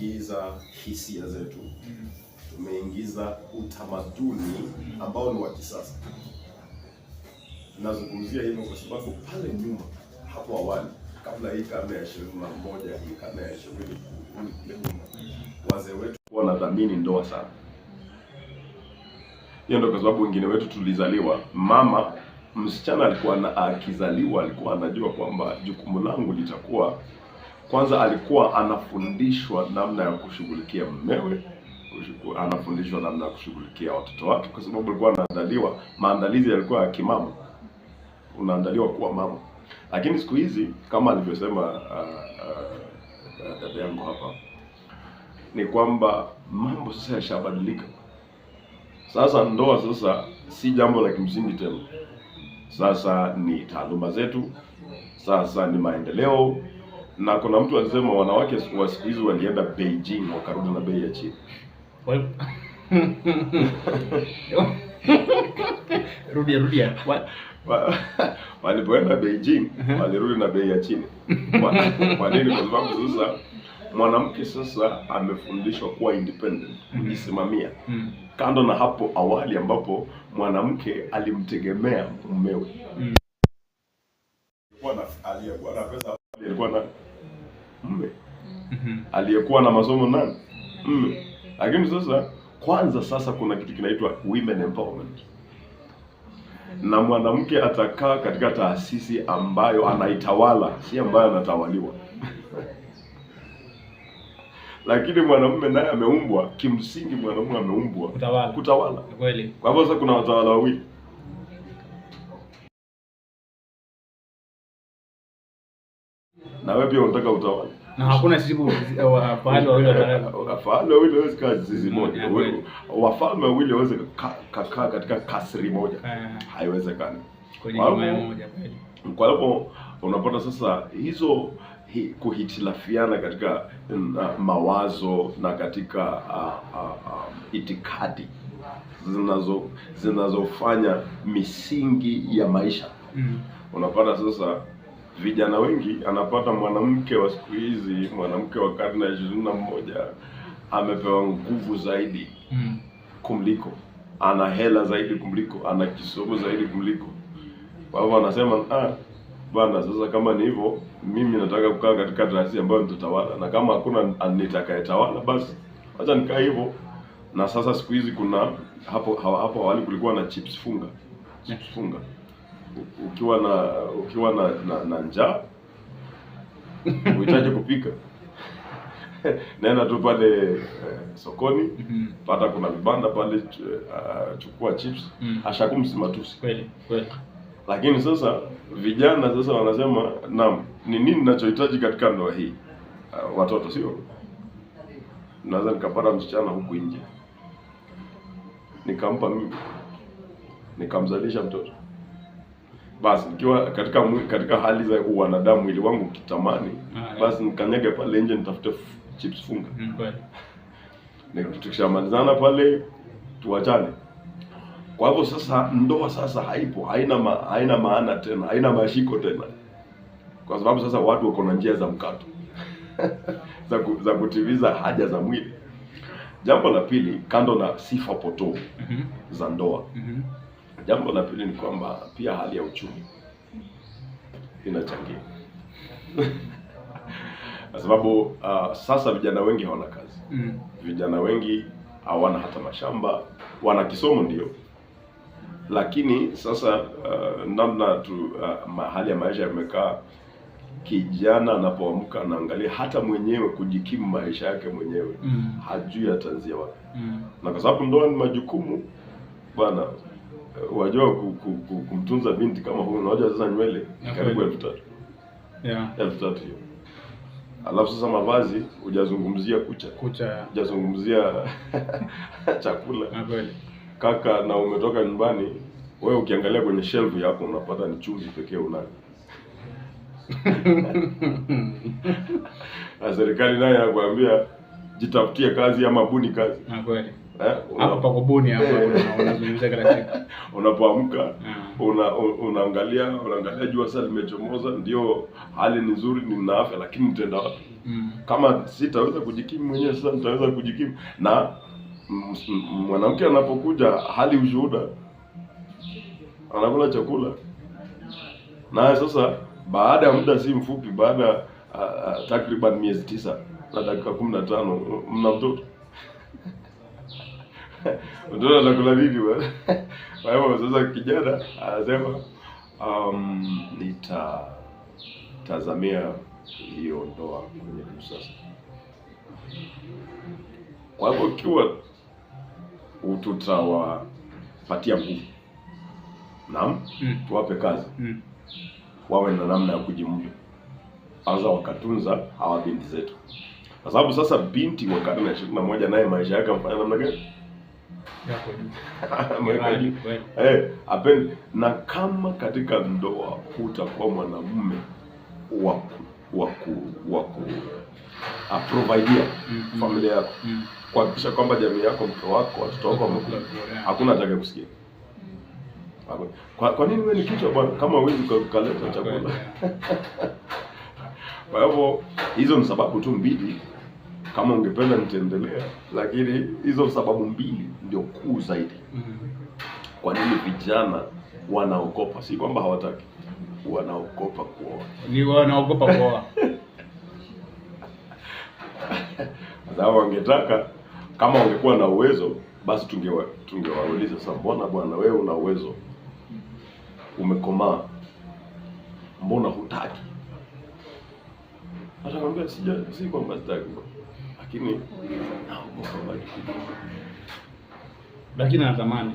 tumeingiza hisia zetu, mm. tumeingiza utamaduni ambao ni wa kisasa. Nazungumzia hivyo kwa sababu pale nyuma, hapo awali, kabla hii karne ya ishirini na moja hii karne ya ishirini kule nyuma, wazee wetu wanadhamini ndoa sana. Hiyo ndo kwa sababu wengine wetu tulizaliwa, mama msichana alikuwa na akizaliwa alikuwa anajua kwamba jukumu langu litakuwa kwanza alikuwa anafundishwa namna ya kushughulikia mmewe, anafundishwa namna ya kushughulikia watoto wake, kwa sababu alikuwa anaandaliwa, maandalizi yalikuwa ya kimama, unaandaliwa kuwa mama. Lakini siku hizi kama alivyosema uh, uh, dada yangu hapa ni kwamba mambo sasa yashabadilika. Sasa ndoa sasa si jambo la kimsingi tena, sasa ni taaluma zetu, sasa ni maendeleo na kuna mtu alisema wanawake wa siku hizi walienda Beijing wakarudi na bei ya chini. Rudia rudia. Walipoenda Beijing uh-huh. walirudi na bei ya chini. Kwa nini? Kwa sababu sasa mwanamke sasa amefundishwa kuwa independent, mm-hmm. kujisimamia. Mm. Kando na hapo awali ambapo mwanamke alimtegemea mumewe. Mm. na pesa alikuwa na mme mm-hmm. aliyekuwa na masomo nani mme. Mm-hmm. Lakini sasa kwanza, sasa kuna kitu kinaitwa women empowerment mm-hmm. na mwanamke atakaa katika taasisi ambayo anaitawala, si ambayo anatawaliwa. Lakini mwanamume naye ameumbwa kimsingi, mwanamume ameumbwa kutawala, kutawala. Kwa hivyo sasa kuna watawala wawili na wewe pia unataka utawala na hakuna wafalme wawili waweze kaa zizi moja. Wafalme wawili waweze kakaa katika kasri moja, eh. haiwezekani. Kwa hivyo unapata sasa hizo kuhitilafiana katika mm, ah, mawazo na katika uh, uh, uh, itikadi zinazo zinazofanya misingi ya maisha mm. Unapata sasa vijana wengi anapata mwanamke wa siku hizi, mwanamke wa karne ya ishirini na mmoja amepewa nguvu zaidi hmm. kumliko, ana hela zaidi kumliko, ana kisomo zaidi kumliko. Kwa hivyo anasema ah, bwana, sasa kama ni hivyo, mimi nataka kukaa katika taasisi ambayo nitatawala, na kama hakuna nitakayetawala, basi acha nikae hivyo. Na sasa siku hizi kuna hapo hapo awali kulikuwa na chips funga, chips funga ukiwa na ukiwa na na, na njaa uhitaji kupika nenda tu pale eh, sokoni mm-hmm. Pata kuna vibanda pale uh, chukua chips mm. Mm-hmm. Ashakum matusi kweli kweli, lakini sasa vijana sasa wanasema naam, ni nini ninachohitaji katika ndoa hii? Uh, watoto sio, naweza nikapata msichana huku nje nikampa mimi nikamzalisha mtoto basi nikiwa katika katika hali za uwanadamu mwili wangu ukitamani ah, basi nikanyage pale nje nitafute chips funga. Mm, Tukishamalizana pale tuachane. Kwa hivyo sasa ndoa sasa haipo, haina ma, haina maana tena, haina mashiko tena. Kwa sababu sasa watu wako na njia za mkato za, ku, za kutimiza haja za mwili. Jambo la pili, kando na sifa potofu mm -hmm. za ndoa mm -hmm. Jambo la pili ni kwamba pia hali ya uchumi inachangia kwa sababu uh, sasa vijana wengi hawana kazi mm. Vijana wengi hawana hata mashamba, wana kisomo ndio, lakini sasa uh, namna tu uh, hali ya maisha yamekaa, kijana anapoamka anaangalia hata mwenyewe kujikimu maisha yake mwenyewe mm. Hajui ataanzia wapi mm. Na kwa sababu ndoa ni majukumu bwana Eh, wajua kumtunza binti kama huyu, unajua sasa nywele karibu elfu tatu yeah, elfu tatu hiyo. Alafu sasa mavazi hujazungumzia, kucha kucha, hujazungumzia chakula kaka, na umetoka nyumbani wewe, ukiangalia kwenye shelf yako unapata ni chumvi pekee unayo na serikali naye anakuambia jitafutie kazi ama buni kazi, Eh? hapa pa kubuni hapa eh. unazungumzia kila siku. Unapoamka ah. una unaangalia unaangalia jua sasa limechomoza, ndio hali ni nzuri, nina afya, lakini nitaenda wapi? Mm. Kama sitaweza kujikimu mwenyewe, sasa nitaweza kujikimu na mwanamke anapokuja hali ushuhuda, anakula chakula naye. Sasa baada ya muda si mfupi, baada ya takriban miezi tisa na dakika kumi na tano mna mtoto mtoto watakula vipi bwana? Kwa hivyo sasa kijana anasema um, nitatazamia hiyo ndoa kwenye sasa Kwa hivyo ikiwa tutawapatia nguvu, naam, mm. tuwape kazi mm. wawe na namna ya kujimudu, kwanza wakatunza hawa binti zetu, kwa sababu sasa binti wa karne ya ishirini na moja naye maisha yake amfanya namna gani? Eh, na kama katika ndoa hutakuwa mwanamume wa kuprovidia ah, mm-hmm. familia yako mm-hmm. kuhakikisha kwamba jamii yako, mke wako, watoto wako wamekula, hakuna atake kusikia. Mm-hmm. Kwa, nini wewe ni kichwa bwana kama wezi ukaleta chakula? Kwa hivyo hizo ni sababu tu mbili. Kama ungependa nitaendelea, lakini hizo sababu mbili ndio kuu zaidi mhm. kwa nini vijana wanaogopa. Si kwamba hawataki, wanaogopa kuoa, ni wanaogopa kuoa sababu Wangetaka kama wangekuwa na uwezo basi tungewa tungewauliza sasa, mbona bwana wewe una uwezo, umekomaa, mbona hutaki? Atakwambia si kwamba sitaki lakini naogopa bado kidogo, lakini anatamani